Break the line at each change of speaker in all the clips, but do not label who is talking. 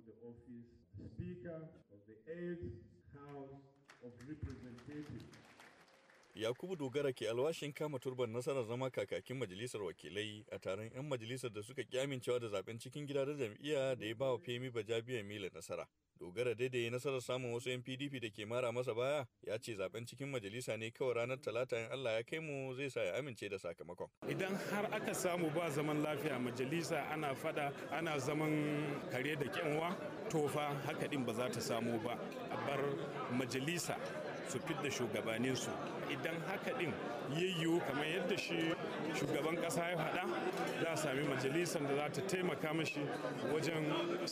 for the office, the Speaker of the Eighth House of Representatives.
Yakubu Dogara ke alwashin kama turban nasarar zama kakakin majalisar wakilai a taron 'yan majalisar da suka kyamincewa da zaben cikin gida da jam'iyya da ya ba wa Femi bajabiyar Mila nasara. Dogara daidai nasarar samun wasu 'yan PDP da ke mara masa baya ya ce zaben cikin majalisa ne kawai ranar talata in Allah ya kai mu zai sa ya amince da sakamakon.
Idan har aka samu ba zaman lafiya majalisa ana fada ana zaman kare da kyanwa tofa haka din ba za ta samu ba a bar majalisa su fidda shugabaninsu idan haka din yayyu kamar yadda shi shugaban ƙasa ya faɗa za a sami majalisar da za ta taimaka mashi wajen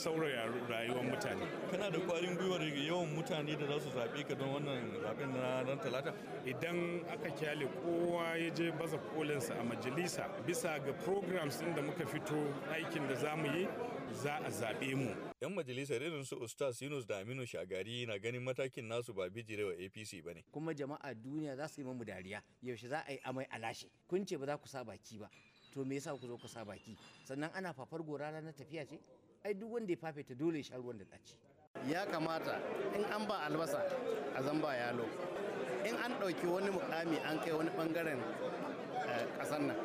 sauraya rayuwar mutane kana da ƙwarin gwiwar yawan mutane da za su zaɓe ka don wannan zaɓen na ran talata idan aka kyale kowa ya je baza kolinsa
a majalisa bisa ga programs din da muka fito aikin da za mu yi za a zaɓe mu. 'Yan majalisar irin su Ustaz Yunus da Aminu Shagari na ganin matakin nasu ba bijirewa APC sisi ba
kuma jama'a duniya za su yi mamu dariya yaushe za a yi amai a lashe kun ce ba za ku sa baki ba to me yasa ku zo ku sa baki sannan ana fafar gora ranar tafiya ce ai duk wanda ya fafe ta dole ya sha ruwan da ɗaci ya kamata in an ba albasa a zamba ya yalo in an ɗauki wani mukami an kai wani ɓangaren eh,
ƙasar nan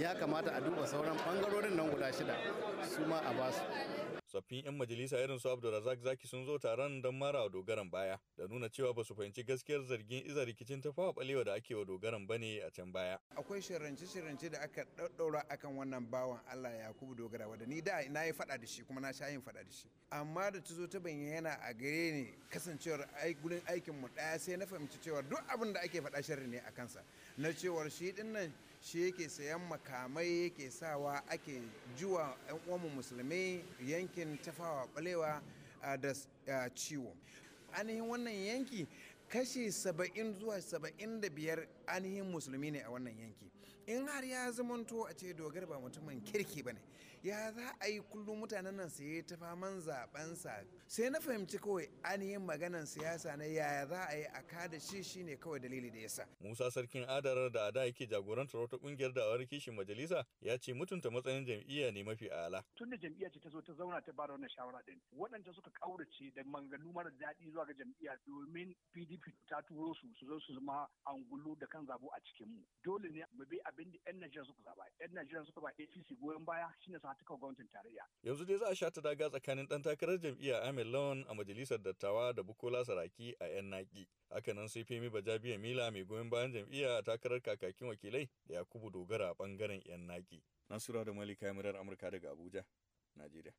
ya kamata a duba sauran ɓangarorin nan guda shida su ma a basu tsaffin 'yan majalisa irin su Abdulrazak Zaki sun zo taron don mara dogaran baya da nuna cewa ba su fahimci gaskiyar zargin iza rikicin tafawa balewa da ake wa dogaran bane a can baya.
Akwai shirance-shirance da aka ɗaɗɗaura akan wannan bawan Allah Yakubu Dogara da ni da na yi fada da shi kuma na sha yin fada da shi. Amma da ta zo ta bayyana a gare ni kasancewar gurin aikin mu ɗaya sai na fahimci cewa duk abin da ake faɗa sharri ne a kansa. Na cewar shi ɗin nan shi yake sayan makamai yake sawa ake juwa 'yan uwanmu musulmai yankin yankin tafawa balewa ah, da ah, ciwo ainihin wannan yanki kashi 70 zuwa 75 ainihin musulmi ne a wannan yanki in har ya zamanto a ce dogar ba mutumin kirki ba ne ya za a yi kullum mutanen nan sai ta faman zabensa sai na fahimci kawai ainihin maganan siyasa na yaya za a yi a kada shi shine kawai dalili da yasa
musa sarkin adarar da ada yake jagorantar wata kungiyar da awar kishin majalisa ya ce mutunta matsayin jam'iyya ne mafi ala
tun da jam'iyya ce ta zo ta zauna ta ba da wannan shawara din waɗanda suka kaurace da manganu mara daɗi zuwa ga jam'iyya domin pdp ta turo su su zo su zama angulu da kan zabo a cikin mu dole ne mu bi abin da yan Najeriya suka zaba yan Najeriya suka ba APC goyon baya shine sa ta gwamnatin tarayya
yanzu dai za a sha ta daga tsakanin dan takarar jam'iyyar Ahmed Lawan a majalisar dattawa da Bukola Saraki a yan naki hakanan sai Femi Bajabiya Mila mai goyon bayan jam'iyya a takarar kakakin wakilai da Yakubu Dogara a bangaren yan naki Nasura da Malika Yamirar Amurka daga Abuja Najeriya